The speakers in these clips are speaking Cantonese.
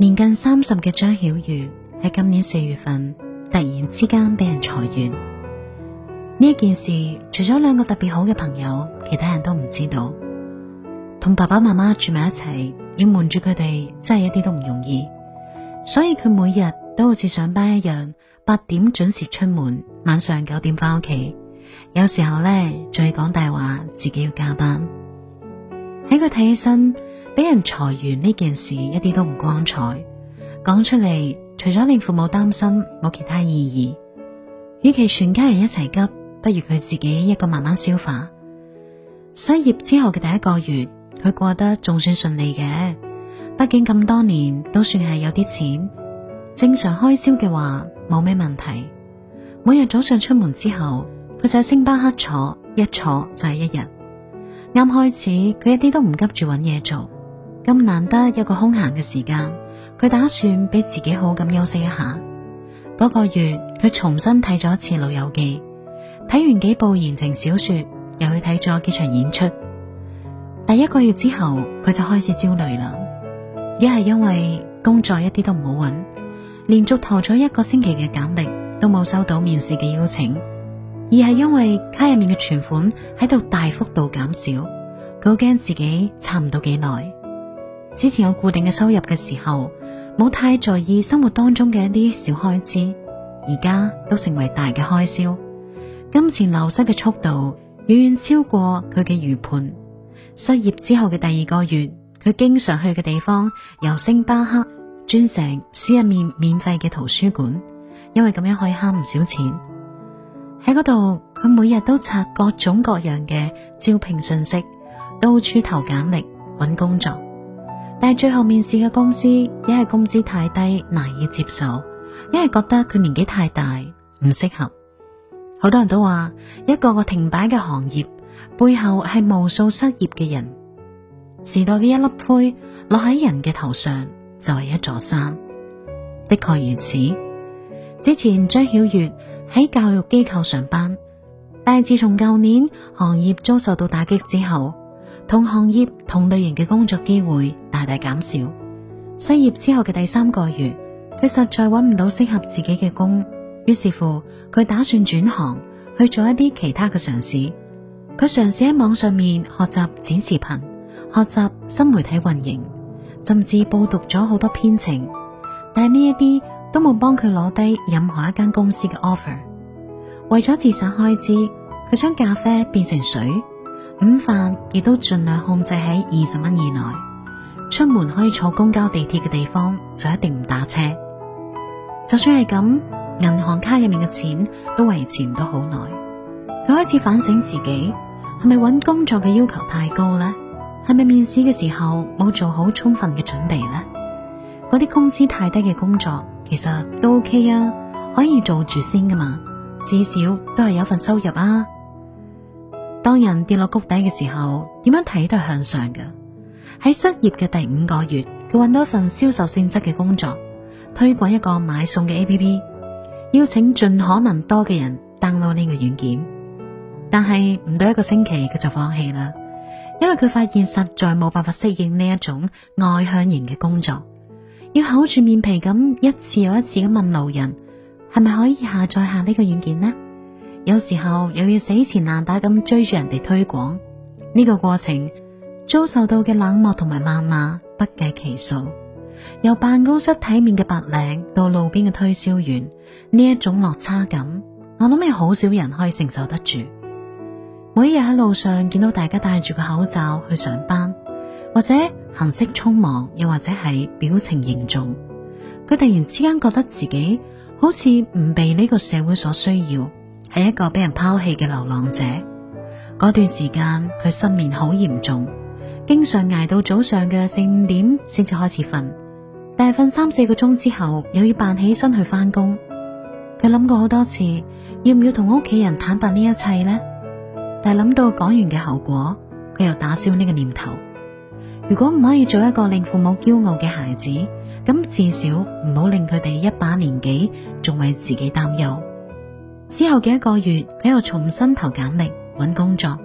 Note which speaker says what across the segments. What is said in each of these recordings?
Speaker 1: 年近三十嘅張曉月喺今年四月份突然之間俾人裁員，呢一件事除咗兩個特別好嘅朋友，其他人都唔知道。同爸爸媽媽住埋一齊，要瞞住佢哋真係一啲都唔容易，所以佢每日都好似上班一樣，八點準時出門，晚上九點翻屋企。有時候呢，仲要講大話，自己要加班。喺佢睇起身。俾人裁員呢件事一啲都唔光彩，講出嚟，除咗令父母擔心，冇其他意義。與其全家人一齊急，不如佢自己一個慢慢消化。失業之後嘅第一個月，佢過得仲算順利嘅，畢竟咁多年都算係有啲錢，正常開銷嘅話冇咩問題。每日早上出門之後，佢就喺星巴克坐，一坐就係一日。啱開始，佢一啲都唔急住揾嘢做。咁難得一個空閒嘅時間，佢打算俾自己好咁休息一下。嗰個月，佢重新睇咗一次《老友記》，睇完幾部言情小說，又去睇咗幾場演出。第一個月之後，佢就開始焦慮啦。一係因為工作一啲都唔好揾，連續投咗一個星期嘅簡歷都冇收到面試嘅邀請；二係因為卡入面嘅存款喺度大幅度減少，佢好驚自己撐唔到幾耐。之前有固定嘅收入嘅時候，冇太在意生活當中嘅一啲小開支，而家都成為大嘅開銷。金錢流失嘅速度遠遠超過佢嘅預判。失業之後嘅第二個月，佢經常去嘅地方由星巴克轉成市入面免費嘅圖書館，因為咁樣可以慳唔少錢。喺嗰度，佢每日都刷各種各樣嘅招聘信息，到處投簡歷搵工作。但係最後面試嘅公司，一係工資太低難以接受，一係覺得佢年紀太大唔適合。好多人都話，一個個停擺嘅行業背後係無數失業嘅人。時代嘅一粒灰落喺人嘅頭上就係一座山。的確如此。之前張曉月喺教育機構上班，但係自從舊年行業遭受到打擊之後，同行業同類型嘅工作機會大大減少。失業之後嘅第三個月，佢實在搵唔到適合自己嘅工，於是乎佢打算轉行去做一啲其他嘅嘗試。佢嘗試喺網上面學習剪視頻，學習新媒體運營，甚至報讀咗好多編程。但係呢一啲都冇幫佢攞低任何一間公司嘅 offer。為咗自省開支，佢將咖啡變成水，午飯亦都盡量控制喺二十蚊以內。出門可以坐公交、地鐵嘅地方就一定唔打車。就算係咁，銀行卡入面嘅錢都維持唔到好耐。佢開始反省自己，係咪搵工作嘅要求太高呢？係咪面試嘅時候冇做好充分嘅準備呢？嗰啲工資太低嘅工作其實都 OK 啊，可以做住先噶嘛，至少都係有份收入啊。當人跌落谷底嘅時候，點樣睇都係向上噶。喺失業嘅第五個月，佢搵到一份銷售性質嘅工作，推廣一個買餸嘅 A P P，邀請盡可能多嘅人登 o 呢個軟件。但係唔到一個星期，佢就放棄啦，因為佢發現實在冇辦法適應呢一種外向型嘅工作，要厚住面皮咁一次又一次咁問路人，係咪可以下載下呢個軟件呢？有時候又要死纏爛打咁追住人哋推廣，呢、這個過程。遭受到嘅冷漠同埋謾罵不計其數，由辦公室體面嘅白領到路邊嘅推銷員，呢一種落差感，我諗有好少人可以承受得住。每日喺路上見到大家戴住個口罩去上班，或者行色匆忙，又或者係表情凝重，佢突然之間覺得自己好似唔被呢個社會所需要，係一個俾人拋棄嘅流浪者。嗰段時間，佢失眠好嚴重。經常挨到早上嘅四五點先至開始瞓，但係瞓三四個鐘之後又要扮起身去翻工。佢諗過好多次，要唔要同屋企人坦白呢一切呢？但係諗到講完嘅後果，佢又打消呢個念頭。如果唔可以做一個令父母驕傲嘅孩子，咁至少唔好令佢哋一把年紀仲為自己擔憂。之後嘅一個月，佢又重新投簡歷，搵工作。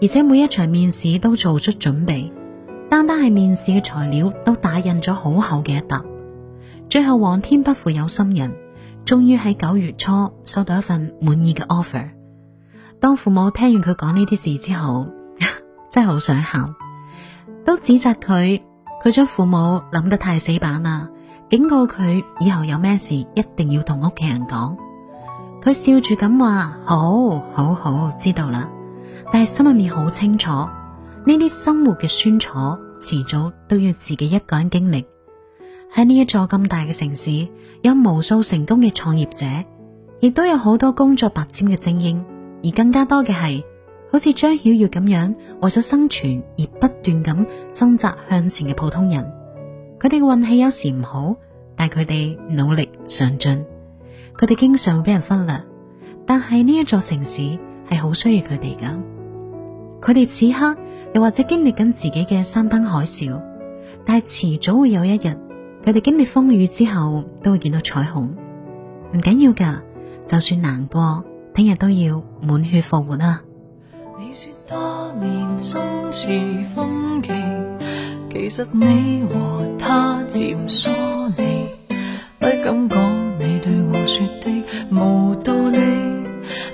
Speaker 1: 而且每一場面試都做出準備，單單係面試嘅材料都打印咗好厚嘅一沓。最後，皇天不負有心人，終於喺九月初收到一份滿意嘅 offer。當父母聽完佢講呢啲事之後， 真係好想喊，都指責佢，佢將父母諗得太死板啦，警告佢以後有咩事一定要同屋企人講。佢笑住咁話：好，好，好，知道啦。但係心裏面好清楚，呢啲生活嘅酸楚，遲早都要自己一個人經歷。喺呢一座咁大嘅城市，有無數成功嘅創業者，亦都有好多工作拔尖嘅精英，而更加多嘅係，好似張曉月咁樣，為咗生存而不斷咁掙扎向前嘅普通人。佢哋嘅運氣有時唔好，但佢哋努力上進，佢哋經常會俾人忽略，但係呢一座城市係好需要佢哋噶。佢哋此刻又或者經歷緊自己嘅山崩海嘯，但係遲早會有一日，佢哋經歷風雨之後都會見到彩虹。唔緊要噶，就算難過，聽日都要滿血復活啊！
Speaker 2: 你說他年生似風起，其實你和他漸疏離，不敢講你對我說的無道理，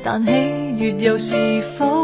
Speaker 2: 但喜悅又是否？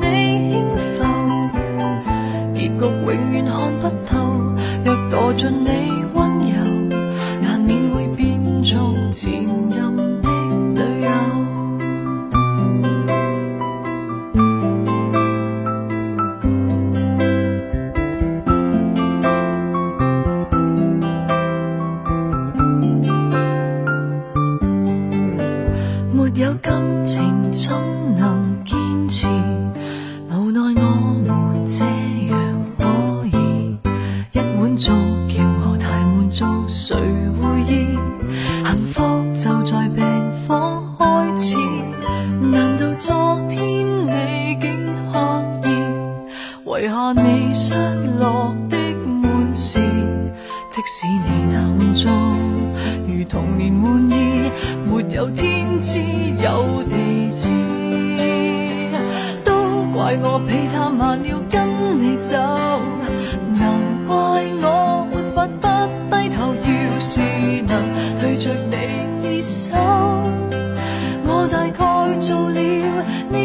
Speaker 2: 你輕浮，結局永遠看不透。若墮進你，誰會意？幸福就在病房開始。難道昨天你竟刻意遺下你失落的滿是？即使你濃妝如童年玩意，沒有天知有地知，都怪我比他慢了跟你走。